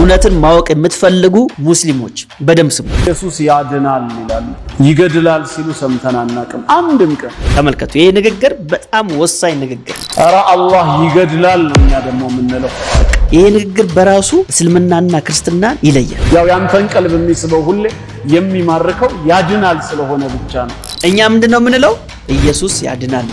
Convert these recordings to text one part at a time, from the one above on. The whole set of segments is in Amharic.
እውነትን ማወቅ የምትፈልጉ ሙስሊሞች በደም ስሙ። ኢየሱስ ያድናል ይላሉ፣ ይገድላል ሲሉ ሰምተን አናቅም አንድም ቀን። ተመልከቱ፣ ይህ ንግግር በጣም ወሳኝ ንግግር። ኧረ አላህ ይገድላል ነው እኛ ደግሞ የምንለው። ይህ ንግግር በራሱ እስልምናና ክርስትናን ይለያል። ያው ያንተን ቀልብ የሚስበው ሁሌ የሚማርከው ያድናል ስለሆነ ብቻ ነው። እኛ ምንድን ነው የምንለው? ኢየሱስ ያድናል።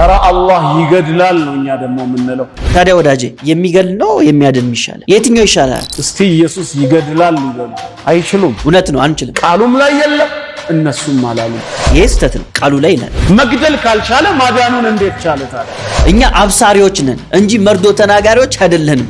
ኧረ አላህ ይገድላል ነው እኛ ደግሞ የምንለው። ታዲያ ወዳጄ የሚገድል ነው የሚያድን የሚሻለ የትኛው ይሻላል? እስቲ ኢየሱስ ይገድላል ይበሉ። አይችሉም። እውነት ነው፣ አንችልም። ቃሉም ላይ የለም እነሱም አላሉ። ይህ ስህተት ነው። ቃሉ ላይ ይላል። መግደል ካልቻለ ማዳኑን እንዴት ቻለ ታዲያ? እኛ አብሳሪዎች ነን እንጂ መርዶ ተናጋሪዎች አይደለንም።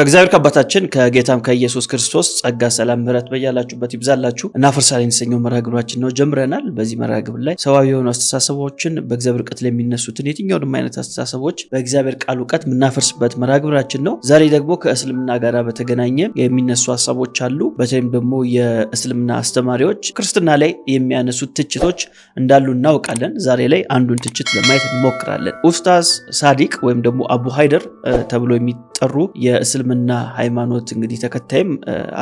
ከእግዚአብሔር ከአባታችን ከጌታም ከኢየሱስ ክርስቶስ ጸጋ፣ ሰላም፣ ምሕረት በያላችሁበት ይብዛላችሁ። እናፈርሳለን የተሰኘው መርሃ ግብራችን ነው ጀምረናል። በዚህ መርሃ ግብር ላይ ሰዋዊ የሆኑ አስተሳሰቦችን በእግዚአብሔር እውቀት የሚነሱትን የትኛውንም አይነት አስተሳሰቦች በእግዚአብሔር ቃል እውቀት የምናፈርስበት መርሃ ግብራችን ነው። ዛሬ ደግሞ ከእስልምና ጋር በተገናኘ የሚነሱ ሀሳቦች አሉ። በተለይም ደግሞ የእስልምና አስተማሪዎች ክርስትና ላይ የሚያነሱት ትችቶች እንዳሉ እናውቃለን። ዛሬ ላይ አንዱን ትችት ለማየት እንሞክራለን። ኡስታዝ ሳዲቅ ወይም ደግሞ አቡ ሃይደር ተብሎ የሚጠሩ የእስልምና የእስልምና ሃይማኖት እንግዲህ ተከታይም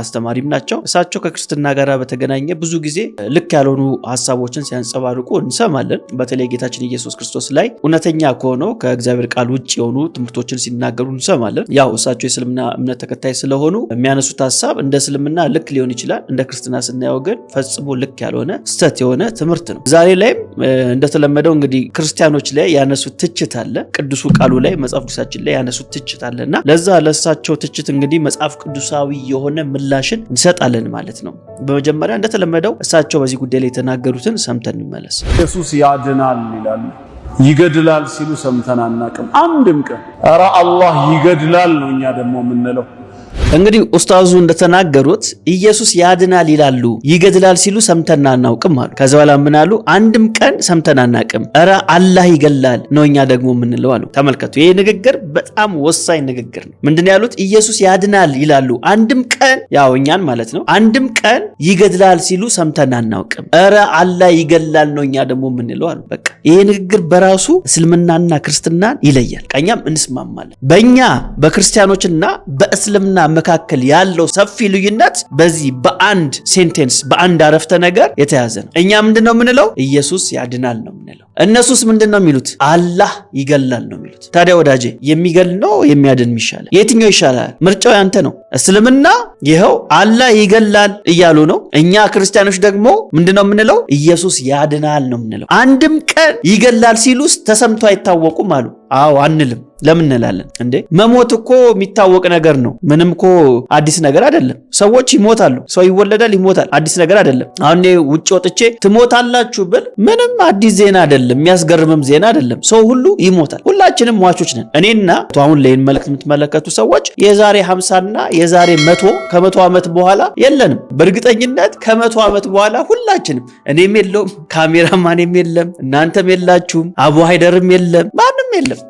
አስተማሪም ናቸው። እሳቸው ከክርስትና ጋር በተገናኘ ብዙ ጊዜ ልክ ያልሆኑ ሀሳቦችን ሲያንጸባርቁ እንሰማለን። በተለይ ጌታችን ኢየሱስ ክርስቶስ ላይ እውነተኛ ከሆነው ከእግዚአብሔር ቃል ውጭ የሆኑ ትምህርቶችን ሲናገሩ እንሰማለን። ያው እሳቸው የእስልምና እምነት ተከታይ ስለሆኑ የሚያነሱት ሀሳብ እንደ እስልምና ልክ ሊሆን ይችላል። እንደ ክርስትና ስናየው ግን ፈጽሞ ልክ ያልሆነ ስተት የሆነ ትምህርት ነው። ዛሬ ላይም እንደተለመደው እንግዲህ ክርስቲያኖች ላይ ያነሱት ትችት አለ። ቅዱሱ ቃሉ ላይ መጽሐፍ ቅዱሳችን ላይ ያነሱት ትችት አለ እና ለዛ ለሳቸው ለሚቀርብባቸው ትችት እንግዲህ መጽሐፍ ቅዱሳዊ የሆነ ምላሽን እንሰጣለን ማለት ነው። በመጀመሪያ እንደተለመደው እሳቸው በዚህ ጉዳይ ላይ የተናገሩትን ሰምተን እንመለስ። ኢየሱስ ያድናል ይላሉ፣ ይገድላል ሲሉ ሰምተን አናቅም አንድም ቀን። ኧረ አላህ ይገድላል ነው እኛ ደግሞ የምንለው እንግዲህ ኡስታዙ እንደተናገሩት ኢየሱስ ያድናል ይላሉ፣ ይገድላል ሲሉ ሰምተን አናውቅም አሉ። ከዚ በኋላ ምን አሉ? አንድም ቀን ሰምተን አናቅም። እረ አላህ ይገላል ነው እኛ ደግሞ የምንለው አሉ። ተመልከቱ፣ ይህ ንግግር በጣም ወሳኝ ንግግር ነው። ምንድን ያሉት? ኢየሱስ ያድናል ይላሉ፣ አንድም ቀን ያው እኛን ማለት ነው፣ አንድም ቀን ይገድላል ሲሉ ሰምተን አናውቅም፣ እረ አላህ ይገላል ነው እኛ ደግሞ የምንለው አሉ። በቃ ይሄ ንግግር በራሱ እስልምናና ክርስትናን ይለያል። ቀኛም እንስማማለን በእኛ በክርስቲያኖችና በእስልምና መካከል ያለው ሰፊ ልዩነት በዚህ በአንድ ሴንቴንስ በአንድ አረፍተ ነገር የተያዘ ነው። እኛ ምንድን ነው የምንለው? ኢየሱስ ያድናል ነው የምንለው። እነሱስ ምንድን ነው የሚሉት? አላህ ይገላል ነው የሚሉት። ታዲያ ወዳጄ የሚገል ነው የሚያድን ይሻላል? የትኛው ይሻላል? ምርጫው ያንተ ነው። እስልምና ይኸው አላህ ይገላል እያሉ ነው። እኛ ክርስቲያኖች ደግሞ ምንድን ነው የምንለው? ኢየሱስ ያድናል ነው የምንለው። አንድም ቀን ይገላል ሲሉስ ተሰምቶ አይታወቁም አሉ። አዎ አንልም። ለምን እንላለን እንዴ? መሞት እኮ የሚታወቅ ነገር ነው። ምንም እኮ አዲስ ነገር አይደለም። ሰዎች ይሞታሉ። ሰው ይወለዳል፣ ይሞታል። አዲስ ነገር አይደለም። አሁን ውጭ ወጥቼ ትሞታላችሁ ብል ምንም አዲስ ዜና አይደለም። የሚያስገርምም ዜና አይደለም። ሰው ሁሉ ይሞታል። ሁላችንም ሟቾች ነን። እኔና አሁን ላይን መልእክት የምትመለከቱ ሰዎች የዛሬ ሀምሳና የዛሬ መቶ ከመቶ ዓመት በኋላ የለንም። በእርግጠኝነት ከመቶ ዓመት በኋላ ሁላችንም እኔም የለውም፣ ካሜራማንም የለም፣ እናንተም የላችሁም፣ አቡ ሀይደርም የለም፣ ማንም የለም።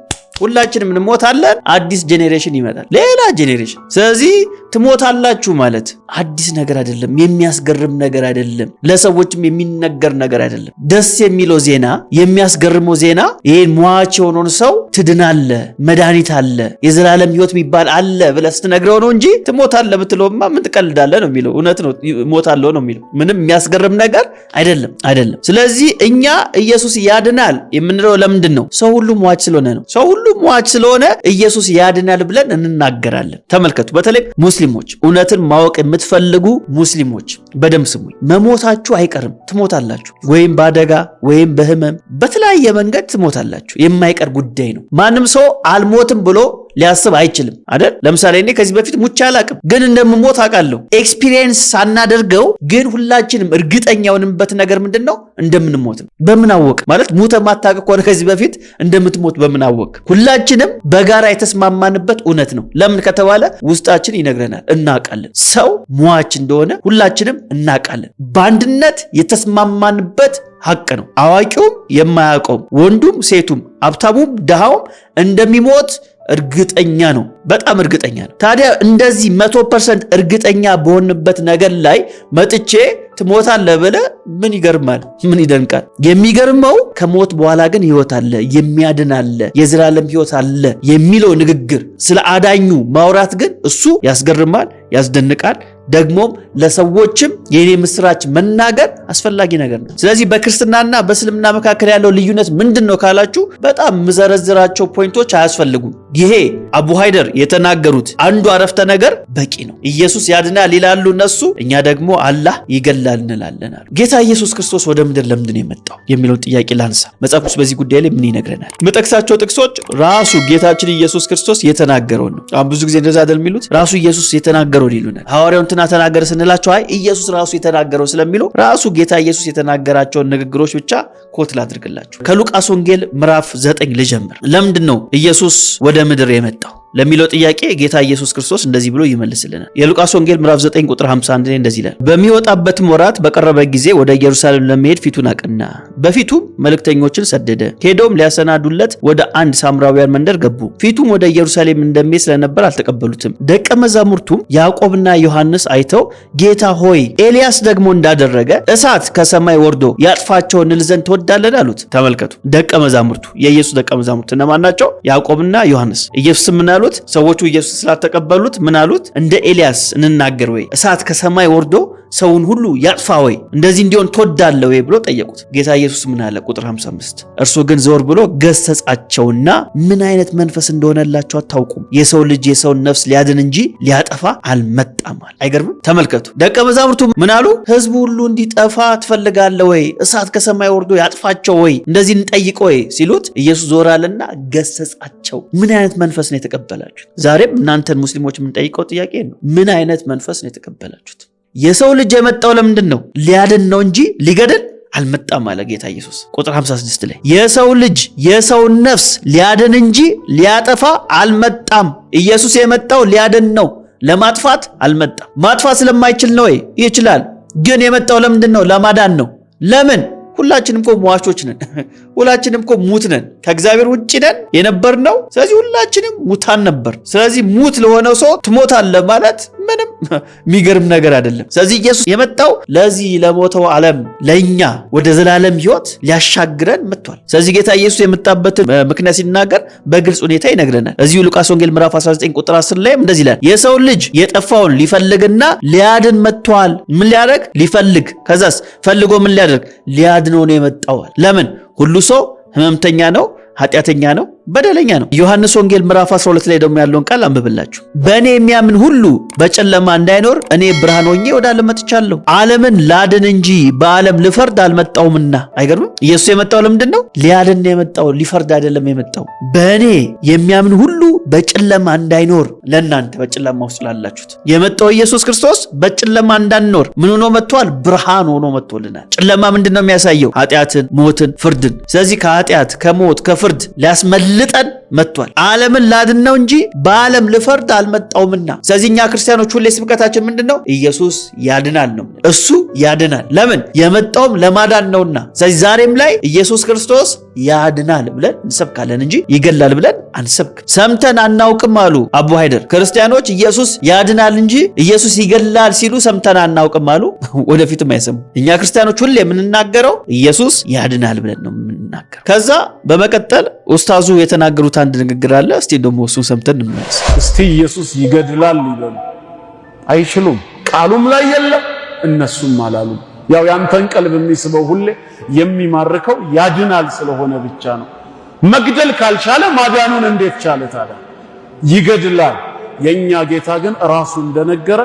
ሁላችንም እንሞታለን። አዲስ ጄኔሬሽን ይመጣል፣ ሌላ ጄኔሬሽን። ስለዚህ ትሞታላችሁ ማለት አዲስ ነገር አይደለም፣ የሚያስገርም ነገር አይደለም፣ ለሰዎችም የሚነገር ነገር አይደለም። ደስ የሚለው ዜና፣ የሚያስገርመው ዜና ይህን ሟች የሆነውን ሰው ትድናለ፣ መድኃኒት አለ፣ የዘላለም ህይወት የሚባል አለ ብለህ ስትነግረው ነው እንጂ ትሞታለ ብትለውማ ምን ትቀልዳለህ ነው የሚለው። እውነት ነው፣ እሞታለሁ ነው የሚለው። ምንም የሚያስገርም ነገር አይደለም፣ አይደለም። ስለዚህ እኛ ኢየሱስ ያድናል የምንለው ለምንድን ነው? ሰው ሁሉ ሟች ስለሆነ ነው። ሰው ሁሉ ሁሉ ሟች ስለሆነ ኢየሱስ ያድናል ብለን እንናገራለን። ተመልከቱ። በተለይ ሙስሊሞች፣ እውነትን ማወቅ የምትፈልጉ ሙስሊሞች በደንብ ስሙኝ። መሞታችሁ አይቀርም፣ ትሞታላችሁ። ወይም በአደጋ ወይም በህመም በተለያየ መንገድ ትሞታላችሁ። የማይቀር ጉዳይ ነው። ማንም ሰው አልሞትም ብሎ ሊያስብ አይችልም አይደል? ለምሳሌ እኔ ከዚህ በፊት ሙቼ አላቅም፣ ግን እንደምሞት አውቃለሁ። ኤክስፒሪየንስ ሳናደርገው ግን ሁላችንም እርግጠኛ የሆንበት ነገር ምንድን ነው? እንደምንሞት ነው። በምን አወቅ ማለት ሙተ ማታቅ ከሆነ ከዚህ በፊት እንደምትሞት በምን አወቅ? ሁላችንም በጋራ የተስማማንበት እውነት ነው። ለምን ከተባለ ውስጣችን ይነግረናል፣ እናውቃለን። ሰው ሟች እንደሆነ ሁላችንም እናውቃለን። በአንድነት የተስማማንበት ሀቅ ነው። አዋቂውም የማያውቀውም ወንዱም ሴቱም ሀብታሙም ድሃውም እንደሚሞት እርግጠኛ ነው። በጣም እርግጠኛ ነው። ታዲያ እንደዚህ መቶ ፐርሰንት እርግጠኛ በሆንበት ነገር ላይ መጥቼ ትሞታለህ ብለህ ምን ይገርማል? ምን ይደንቃል? የሚገርመው ከሞት በኋላ ግን ህይወት አለ፣ የሚያድን አለ፣ የዘላለም ህይወት አለ የሚለው ንግግር ስለ አዳኙ ማውራት ግን እሱ ያስገርማል፣ ያስደንቃል ደግሞም ለሰዎችም የኔ ምስራች መናገር አስፈላጊ ነገር ነው። ስለዚህ በክርስትናና በእስልምና መካከል ያለው ልዩነት ምንድን ነው ካላችሁ በጣም ምዘረዝራቸው ፖይንቶች አያስፈልጉም። ይሄ አቡ ሃይደር የተናገሩት አንዱ አረፍተ ነገር በቂ ነው። ኢየሱስ ያድናል ይላሉ እነሱ፣ እኛ ደግሞ አላህ ይገላል እንላለን አሉ። ጌታ ኢየሱስ ክርስቶስ ወደ ምድር ለምንድን የመጣው የሚለውን ጥያቄ ላንሳ። መጽሐፍ ቅዱስ በዚህ ጉዳይ ላይ ምን ይነግረናል? መጠቅሳቸው ጥቅሶች ራሱ ጌታችን ኢየሱስ ክርስቶስ የተናገረውን ነው። አሁን ብዙ ጊዜ እንደዛ አይደል የሚሉት ራሱ ኢየሱስ የተናገረውን ይሉናል። ሐዋርያውን ትና ተናገረ ስንላቸው አይ ኢየሱስ ራሱ የተናገረው ስለሚለው ራሱ ጌታ ኢየሱስ የተናገራቸውን ንግግሮች ብቻ ኮት ላድርግላችሁ። ከሉቃስ ወንጌል ምዕራፍ ዘጠኝ ልጀምር። ለምንድን ነው ኢየሱስ ወደ ምድር የመጣው? ለሚለው ጥያቄ ጌታ ኢየሱስ ክርስቶስ እንደዚህ ብሎ ይመልስልናል። የሉቃስ ወንጌል ምዕራፍ 9 ቁጥር 51 ላይ እንደዚህ ይላል፣ በሚወጣበትም ወራት በቀረበ ጊዜ ወደ ኢየሩሳሌም ለመሄድ ፊቱን አቀና፣ በፊቱም መልእክተኞችን ሰደደ። ሄዶም ሊያሰናዱለት ወደ አንድ ሳምራውያን መንደር ገቡ። ፊቱም ወደ ኢየሩሳሌም እንደሚሄድ ስለነበር አልተቀበሉትም። ደቀ መዛሙርቱም ያዕቆብና ዮሐንስ አይተው ጌታ ሆይ ኤልያስ ደግሞ እንዳደረገ እሳት ከሰማይ ወርዶ ያጥፋቸው እንል ዘንድ ትወዳለን አሉት። ተመልከቱ፣ ደቀ መዛሙርቱ የኢየሱስ ደቀ መዛሙርት እነማን ናቸው? ያዕቆብና ዮሐንስ ኢየሱስ እንዳሉት ሰዎቹ ኢየሱስ ስላልተቀበሉት ምን አሉት? እንደ ኤልያስ እንናገር ወይ እሳት ከሰማይ ወርዶ ሰውን ሁሉ ያጥፋ ወይ? እንደዚህ እንዲሆን ትወዳለህ ወይ ብሎ ጠየቁት። ጌታ ኢየሱስ ምን አለ? ቁጥር 55 እርሱ ግን ዘወር ብሎ ገሰጻቸውና ምን አይነት መንፈስ እንደሆነላቸው አታውቁም፣ የሰው ልጅ የሰውን ነፍስ ሊያድን እንጂ ሊያጠፋ አልመጣም አለ። አይገርምም? ተመልከቱ። ደቀ መዛሙርቱ ምን አሉ? ህዝቡ ሁሉ እንዲጠፋ ትፈልጋለ ወይ? እሳት ከሰማይ ወርዶ ያጥፋቸው ወይ? እንደዚህ እንጠይቅ ወይ ሲሉት ኢየሱስ ዞር አለና ገሰጻቸው። ምን አይነት መንፈስ ነው የተቀበላችሁት? ዛሬም እናንተን ሙስሊሞች የምንጠይቀው ጥያቄ ነው። ምን አይነት መንፈስ ነው የተቀበላችሁት? የሰው ልጅ የመጣው ለምንድን ነው? ሊያድን ነው እንጂ ሊገድል አልመጣም አለ ጌታ ኢየሱስ ቁጥር 56 ላይ የሰው ልጅ የሰውን ነፍስ ሊያድን እንጂ ሊያጠፋ አልመጣም። ኢየሱስ የመጣው ሊያድን ነው፣ ለማጥፋት አልመጣም። ማጥፋት ስለማይችል ነው ይችላል። ግን የመጣው ለምንድን ነው? ለማዳን ነው። ለምን ሁላችንም እኮ ሟቾች ነን። ሁላችንም እኮ ሙት ነን፣ ከእግዚአብሔር ውጭ ነን ነው። ስለዚህ ሁላችንም ሙታን ነበር። ስለዚህ ሙት ለሆነው ሰው ትሞታለህ ማለት ምንም የሚገርም ነገር አይደለም። ስለዚህ ኢየሱስ የመጣው ለዚህ ለሞተው ዓለም ለእኛ ወደ ዘላለም ህይወት ሊያሻግረን መጥቷል። ስለዚህ ጌታ ኢየሱስ የመጣበትን ምክንያት ሲናገር በግልጽ ሁኔታ ይነግረናል። እዚሁ ሉቃስ ወንጌል ምዕራፍ 19 ቁጥር 10 ላይም እንደዚህ ይላል፣ የሰው ልጅ የጠፋውን ሊፈልግና ሊያድን መጥቷል። ምን ሊያደርግ? ሊፈልግ። ከዛስ ፈልጎ ምን ሊያደርግ? ሊያድን ላድነው ነው የመጣው። ለምን ሁሉ ሰው ህመምተኛ ነው፣ ኃጢአተኛ ነው፣ በደለኛ ነው። ዮሐንስ ወንጌል ምዕራፍ 12 ላይ ደግሞ ያለውን ቃል አንብብላችሁ በእኔ የሚያምን ሁሉ በጨለማ እንዳይኖር እኔ ብርሃን ሆኜ ወደ ዓለም መጥቻለሁ፣ ዓለምን ላድን እንጂ በዓለም ልፈርድ አልመጣውምና። አይገርምም? ኢየሱስ የመጣው ለምንድን ነው? ሊያድን የመጣው ሊፈርድ አይደለም የመጣው። በእኔ የሚያምን ሁሉ በጨለማ እንዳይኖር ለእናንተ በጨለማ ውስጥ ላላችሁት የመጣው ኢየሱስ ክርስቶስ በጨለማ እንዳንኖር ምን ሆኖ መጥቷል? ብርሃን ሆኖ መጥቶልናል። ጨለማ ምንድን ነው የሚያሳየው? ኃጢአትን፣ ሞትን፣ ፍርድን። ስለዚህ ከኃጢአት ከሞት ከፍርድ ሊያስመል ልጠን መጥቷል። ዓለምን ላድን ነው እንጂ በዓለም ልፈርድ አልመጣውምና። ስለዚህ እኛ ክርስቲያኖች ሁሌ ስብከታችን ምንድን ነው? ኢየሱስ ያድናል ነው። እሱ ያድናል። ለምን የመጣውም ለማዳን ነውና። ስለዚህ ዛሬም ላይ ኢየሱስ ክርስቶስ ያድናል ብለን እንሰብካለን እንጂ ይገላል ብለን አንሰብክ። ሰምተን አናውቅም አሉ አቡ ሀይደር ክርስቲያኖች ኢየሱስ ያድናል እንጂ ኢየሱስ ይገላል ሲሉ ሰምተን አናውቅም አሉ። ወደፊትም አይሰሙ። እኛ ክርስቲያኖች ሁሌ የምንናገረው ኢየሱስ ያድናል ብለን ነው የምንናገረው። ከዛ በመቀጠል ኡስታዙ የተናገሩት አንድ ንግግር አለ። እስቲ ደግሞ እሱን ሰምተን እንመለስ። እስቲ ኢየሱስ ይገድላል ይላሉ። አይችሉም፣ ቃሉም ላይ የለም፣ እነሱም አላሉም። ያው ያንተን ቀልብ የሚስበው ሁሌ የሚማርከው ያድናል ስለሆነ ብቻ ነው። መግደል ካልቻለ ማዳኑን እንዴት ቻለ ታዲያ? ይገድላል የኛ ጌታ ግን ራሱ እንደነገረ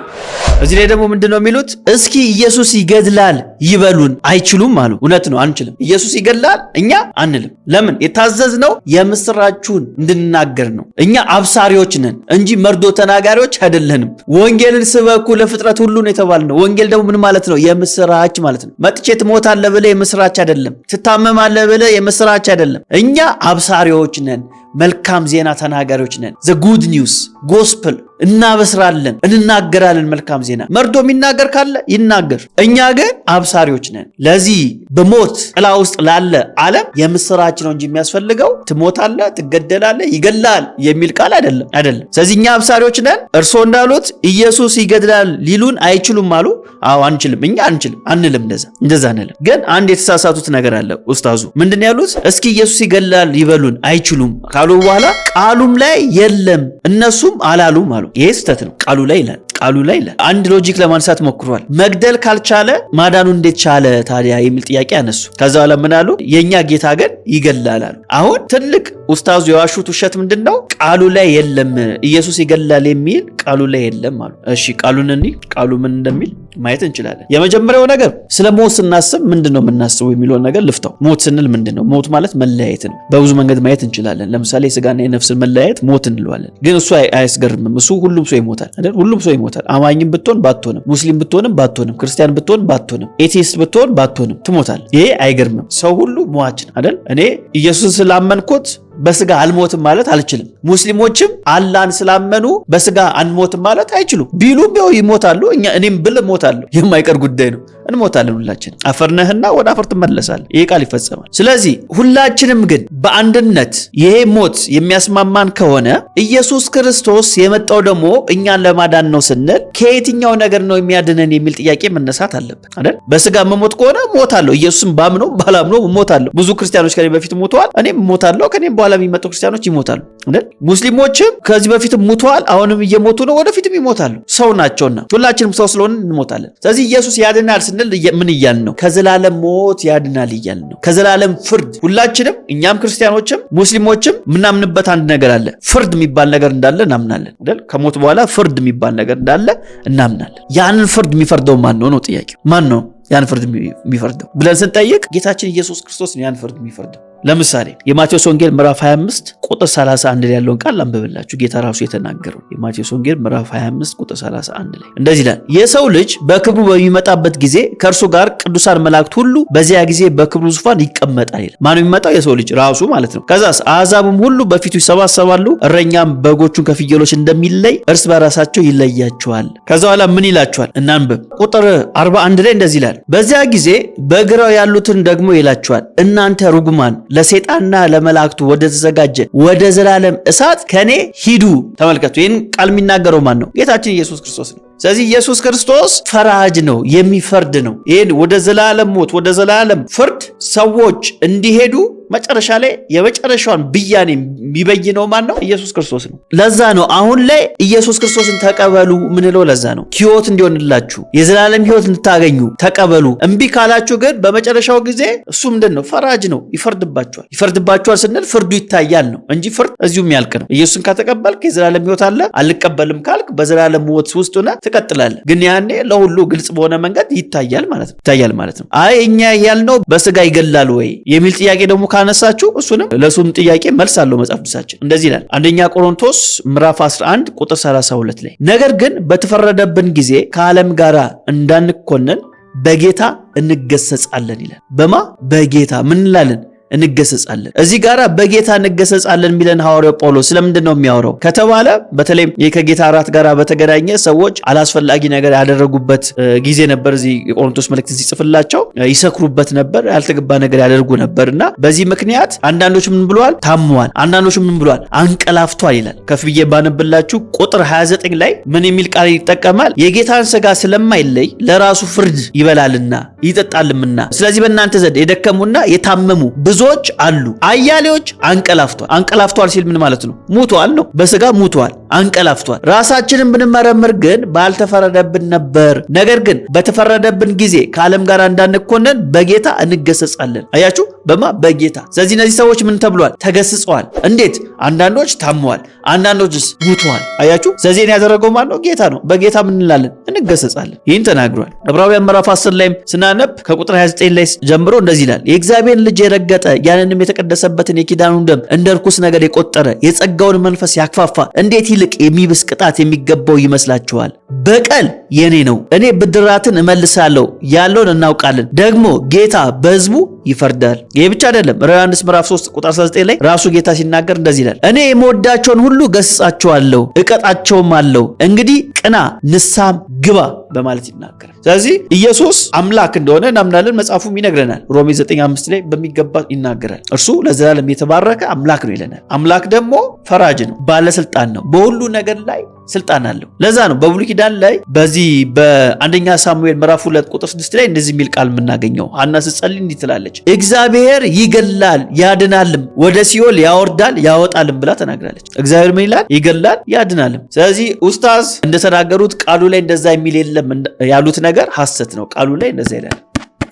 እዚህ ላይ ደግሞ ምንድነው የሚሉት? እስኪ ኢየሱስ ይገድላል ይበሉን አይችሉም አሉ። እውነት ነው፣ አንችልም። ኢየሱስ ይገድላል እኛ አንልም። ለምን? የታዘዝነው የምስራችሁን እንድንናገር ነው። እኛ አብሳሪዎች ነን እንጂ መርዶ ተናጋሪዎች አይደለንም። ወንጌልን ስበኩ ለፍጥረት ሁሉ ነው የተባልነው። ወንጌል ደግሞ ምን ማለት ነው? የምስራች ማለት ነው። መጥቼ ትሞታለህ ብለህ የምስራች አይደለም። ትታመማለህ ብለህ የምስራች አይደለም። እኛ አብሳሪዎች ነን፣ መልካም ዜና ተናጋሪዎች ነን። ዘ ጉድ ኒውስ ጎስ ጎስፕል እናበስራለን፣ እንናገራለን መልካም ዜና። መርዶ የሚናገር ካለ ይናገር። እኛ ግን አብሳሪዎች ነን። ለዚህ በሞት ጥላ ውስጥ ላለ ዓለም የምስራች ነው እንጂ የሚያስፈልገው ትሞታለ፣ ትገደላለ፣ ይገላል የሚል ቃል አይደለም አይደለም። ስለዚህ እኛ አብሳሪዎች ነን። እርስዎ እንዳሉት ኢየሱስ ይገድላል ሊሉን አይችሉም አሉ አዎ አንችልም፣ እኛ አንችልም አንልም፣ እንደዛ እንደዛ አንልም። ግን አንድ የተሳሳቱት ነገር አለ ኡስታዙ። ምንድን ያሉት? እስኪ ኢየሱስ ይገላል ይበሉን አይችሉም ካሉ በኋላ ቃሉም ላይ የለም እነሱም አላሉም አሉ። ይሄ ስህተት ነው። ቃሉ ላይ ይላል ቃሉ ላይ ይላል። አንድ ሎጂክ ለማንሳት ሞክሯል። መግደል ካልቻለ ማዳኑ እንዴት ቻለ ታዲያ የሚል ጥያቄ አነሱ። ከዛ በኋላ ምን አሉ? የእኛ ጌታ ግን ይገላል አሉ። አሁን ትልቅ ኡስታዙ የዋሹት ውሸት ምንድን ነው? ቃሉ ላይ የለም ኢየሱስ ይገላል የሚል ቃሉ ላይ የለም አሉ። እሺ ቃሉን እኒ ቃሉ ምን እንደሚል ማየት እንችላለን። የመጀመሪያው ነገር ስለ ሞት ስናስብ ምንድን ነው የምናስበው የሚለውን ነገር ልፍታው። ሞት ስንል ምንድን ነው? ሞት ማለት መለያየት ነው። በብዙ መንገድ ማየት እንችላለን። ለምሳሌ የስጋና የነፍስን መለያየት ሞት እንለዋለን። ግን እሱ አያስገርምም። እሱ ሁሉም ሰው ይሞታል አይደል? ሁሉም ሰው ይሞታል። አማኝም ብትሆን ባትሆንም፣ ሙስሊም ብትሆንም ባትሆንም፣ ክርስቲያን ብትሆን ባትሆንም፣ ኤቲስት ብትሆን ባትሆንም ትሞታል። ይሄ አይገርምም። ሰው ሁሉ ሟች ነው አይደል? እኔ ኢየሱስ ስላመንኩት በስጋ አልሞትም ማለት አልችልም። ሙስሊሞችም አላን ስላመኑ በስጋ አንሞትም ማለት አይችሉም። ቢሉም ይሞታሉ። እኔም ብል ሞታለሁ፣ የማይቀር ጉዳይ ነው። እንሞታለን። ሁላችን አፈርነህና ወደ አፈር ትመለሳል። ይሄ ቃል ይፈጸማል። ስለዚህ ሁላችንም ግን በአንድነት ይሄ ሞት የሚያስማማን ከሆነ ኢየሱስ ክርስቶስ የመጣው ደግሞ እኛን ለማዳን ነው ስንል ከየትኛው ነገር ነው የሚያድነን የሚል ጥያቄ መነሳት አለበት አይደል? በስጋ መሞት ከሆነ ሞታለሁ። ኢየሱስም ባምኖ ባላምኖ ሞታለሁ። ብዙ ክርስቲያኖች ከኔ በፊት ሞተዋል፣ እኔም ሞታለሁ። ከኔም በኋላ የሚመጡ ክርስቲያኖች ይሞታሉ አይደል? ሙስሊሞችም ከዚህ በፊት ሞተዋል፣ አሁንም እየሞቱ ነው፣ ወደፊትም ይሞታሉ። ሰው ናቸውና ሁላችንም ሰው ስለሆነ እንሞታለን። ስለዚህ ኢየሱስ ያድናል ስንል ምን እያል ነው? ከዘላለም ሞት ያድናል እያል ነው፣ ከዘላለም ፍርድ። ሁላችንም እኛም ክርስቲያኖችም ሙስሊሞችም ምናምንበት አንድ ነገር አለ። ፍርድ የሚባል ነገር እንዳለ እናምናለን አይደል? ከሞት በኋላ ፍርድ የሚባል ነገር እንዳለ እናምናለን። ያንን ፍርድ የሚፈርደው ማን ነው ነው ጥያቄው። ማን ነው ያን ፍርድ የሚፈርደው ብለን ስንጠይቅ ጌታችን ኢየሱስ ክርስቶስ ነው ያን ፍርድ የሚፈርደው። ለምሳሌ የማቴዎስ ወንጌል ምዕራፍ 25 ቁጥር 31 ላይ ያለውን ቃል አንብብላችሁ ጌታ ራሱ የተናገረው የማቴዎስ ወንጌል ምዕራፍ 25 ቁጥር 31 ላይ እንደዚህ ይላል፣ የሰው ልጅ በክብሩ በሚመጣበት ጊዜ ከእርሱ ጋር ቅዱሳን መላእክት ሁሉ በዚያ ጊዜ በክብሩ ዙፋን ይቀመጣል ይላል። ማን የሚመጣው? የሰው ልጅ ራሱ ማለት ነው። ከዛስ አሕዛብም ሁሉ በፊቱ ይሰባሰባሉ፣ እረኛም በጎቹን ከፍየሎች እንደሚለይ እርስ በራሳቸው ይለያቸዋል። ከዛ በኋላ ምን ይላቸዋል? እናንብብ። ቁጥር 41 ላይ እንደዚህ ይላል፣ በዚያ ጊዜ በግራው ያሉትን ደግሞ ይላቸዋል፣ እናንተ ርጉማን ለሴጣንና ለመላእክቱ ወደ ተዘጋጀ ወደ ዘላለም እሳት ከኔ ሂዱ። ተመልከቱ፣ ይህን ቃል የሚናገረው ማን ነው? ጌታችን ኢየሱስ ክርስቶስ ነው። ስለዚህ ኢየሱስ ክርስቶስ ፈራጅ ነው፣ የሚፈርድ ነው። ይህን ወደ ዘላለም ሞት፣ ወደ ዘላለም ፍርድ ሰዎች እንዲሄዱ መጨረሻ ላይ የመጨረሻዋን ብያኔ የሚበይነው ማን ነው? ኢየሱስ ክርስቶስ ነው። ለዛ ነው አሁን ላይ ኢየሱስ ክርስቶስን ተቀበሉ ምንለው። ለዛ ነው ህይወት እንዲሆንላችሁ የዘላለም ህይወት እንድታገኙ ተቀበሉ። እምቢ ካላችሁ ግን በመጨረሻው ጊዜ እሱ ምንድን ነው? ፈራጅ ነው፣ ይፈርድባችኋል። ይፈርድባችኋል ስንል ፍርዱ ይታያል ነው እንጂ ፍርድ እዚሁ የሚያልቅ ነው። ኢየሱስን ከተቀበልክ የዘላለም ህይወት አለ። አልቀበልም ካልክ በዘላለም ሞት ውስጥ ሆነ ትቀጥላለህ። ግን ያኔ ለሁሉ ግልጽ በሆነ መንገድ ይታያል ማለት ነው። ይታያል ማለት ነው። አይ እኛ ያልነው በስጋ ይገላል ወይ የሚል ጥያቄ ደግሞ ስላነሳችሁ እሱንም ለእሱም ጥያቄ መልስ አለው መጽሐፍ ቅዱሳችን እንደዚህ ይላል። አንደኛ ቆሮንቶስ ምዕራፍ 11 ቁጥር 32 ላይ ነገር ግን በተፈረደብን ጊዜ ከዓለም ጋር እንዳንኮነን በጌታ እንገሰጻለን ይላል። በማ በጌታ ምን እንላለን? እንገሰጻለን። እዚህ ጋራ በጌታ እንገሰጻለን የሚለን ሐዋርያው ጳውሎስ ስለምንድን ነው የሚያወራው ከተባለ በተለይም ከጌታ እራት ጋር በተገናኘ ሰዎች አላስፈላጊ ነገር ያደረጉበት ጊዜ ነበር። እዚህ የቆሮንቶስ መልእክትን ሲጽፍላቸው ይሰክሩበት ነበር፣ ያልተገባ ነገር ያደርጉ ነበር እና በዚህ ምክንያት አንዳንዶች ምን ብሏል? ታመዋል። አንዳንዶች ምን ብሏል? አንቀላፍቷል ይላል። ከፍ ብዬ ባነብላችሁ ቁጥር 29 ላይ ምን የሚል ቃል ይጠቀማል? የጌታን ስጋ ስለማይለይ ለራሱ ፍርድ ይበላልና ይጠጣልምና፣ ስለዚህ በእናንተ ዘንድ የደከሙና የታመሙ ብዙ ብዙዎች አሉ፣ አያሌዎች አንቀላፍቷል። አንቀላፍቷል ሲል ምን ማለት ነው? ሙቷል ነው፣ በስጋ ሙቷል፣ አንቀላፍቷል። ራሳችንን ብንመረምር ግን ባልተፈረደብን ነበር። ነገር ግን በተፈረደብን ጊዜ ከዓለም ጋር እንዳንኮነን በጌታ እንገሰጻለን። አያችሁ በማ በጌታ ስለዚህ እነዚህ ሰዎች ምን ተብሏል? ተገስጸዋል። እንዴት? አንዳንዶች ታመዋል፣ አንዳንዶችስ ሙተዋል። አያችሁ ስለዚህ ያደረገው ማን ነው? ጌታ ነው። በጌታ ምን እንላለን? እንገሰጻለን። ይህን ተናግሯል። ዕብራውያን ምዕራፍ 10 ላይም ስናነብ ከቁጥር 29 ላይ ጀምሮ እንደዚህ ይላል የእግዚአብሔር ልጅ የረገጠ ያንንም የተቀደሰበትን የኪዳኑን ደም እንደ ርኩስ ነገር የቆጠረ የጸጋውን መንፈስ ያክፋፋ እንዴት ይልቅ የሚብስ ቅጣት የሚገባው ይመስላችኋል? በቀል የኔ ነው፣ እኔ ብድራትን እመልሳለሁ ያለውን እናውቃለን። ደግሞ ጌታ በህዝቡ ይፈርዳል። ይህ ብቻ አይደለም። ራዕይ ዮሐንስ ምዕራፍ 3 ቁጥር 19 ላይ ራሱ ጌታ ሲናገር እንደዚህ ይላል፣ እኔ የምወዳቸውን ሁሉ ገስጻቸዋለሁ፣ እቀጣቸውም አለው። እንግዲህ ቅና ንሳም ግባ በማለት ይናገራል። ስለዚህ ኢየሱስ አምላክ እንደሆነ እናምናለን፣ መጽሐፉም ይነግረናል። ሮሜ 9፥5 ላይ በሚገባ ይናገራል። እርሱ ለዘላለም የተባረከ አምላክ ነው ይለናል። አምላክ ደግሞ ፈራጅ ነው፣ ባለስልጣን ነው፣ በሁሉ ነገር ላይ ስልጣን አለው። ለዛ ነው በብሉይ ኪዳን ላይ በዚህ በአንደኛ ሳሙኤል ምዕራፍ ሁለት ቁጥር ስድስት ላይ እንደዚህ የሚል ቃል የምናገኘው ሐና ስትጸልይ እንዲህ ትላለች፣ እግዚአብሔር ይገላል ያድናልም፣ ወደ ሲኦል ያወርዳል ያወጣልም ብላ ተናግራለች። እግዚአብሔር ምን ይላል? ይገላል ያድናልም። ስለዚህ ኡስታዝ እንደተናገሩት ቃሉ ላይ እንደዛ የሚል የለም ያሉት ነገር ሐሰት ነው። ቃሉ ላይ እንደዛ ይላል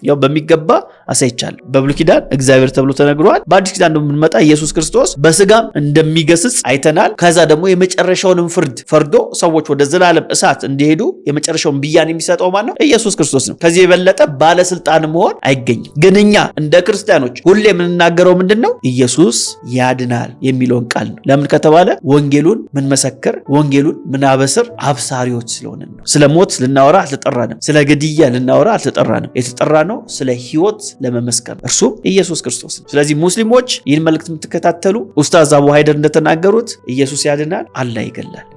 ያው በሚገባ አሳይቻለሁ። በብሉይ ኪዳን እግዚአብሔር ተብሎ ተነግሯል። በአዲስ ኪዳን ደግሞ የምንመጣ ኢየሱስ ክርስቶስ በስጋም እንደሚገስጽ አይተናል። ከዛ ደግሞ የመጨረሻውንም ፍርድ ፈርዶ ሰዎች ወደ ዘላለም እሳት እንዲሄዱ የመጨረሻውን ብያን የሚሰጠው ማን ነው? ኢየሱስ ክርስቶስ ነው። ከዚህ የበለጠ ባለስልጣን መሆን አይገኝም። ግን እኛ እንደ ክርስቲያኖች ሁሌ የምንናገረው ምንድን ነው? ኢየሱስ ያድናል የሚለውን ቃል ነው። ለምን ከተባለ ወንጌሉን ምንመሰክር፣ ወንጌሉን ምናበስር አብሳሪዎች ስለሆነ ነው። ስለ ሞት ልናወራ አልተጠራንም። ስለ ግድያ ልናወራ አልተጠራንም። የተጠራ ነው ስለ ህይወት ለመመስከር እርሱም ኢየሱስ ክርስቶስ ነው። ስለዚህ ሙስሊሞች ይህን መልእክት የምትከታተሉ ኡስታዝ አቡ ሀይደር እንደተናገሩት ኢየሱስ ያድናል፣ አላህ ይገላል።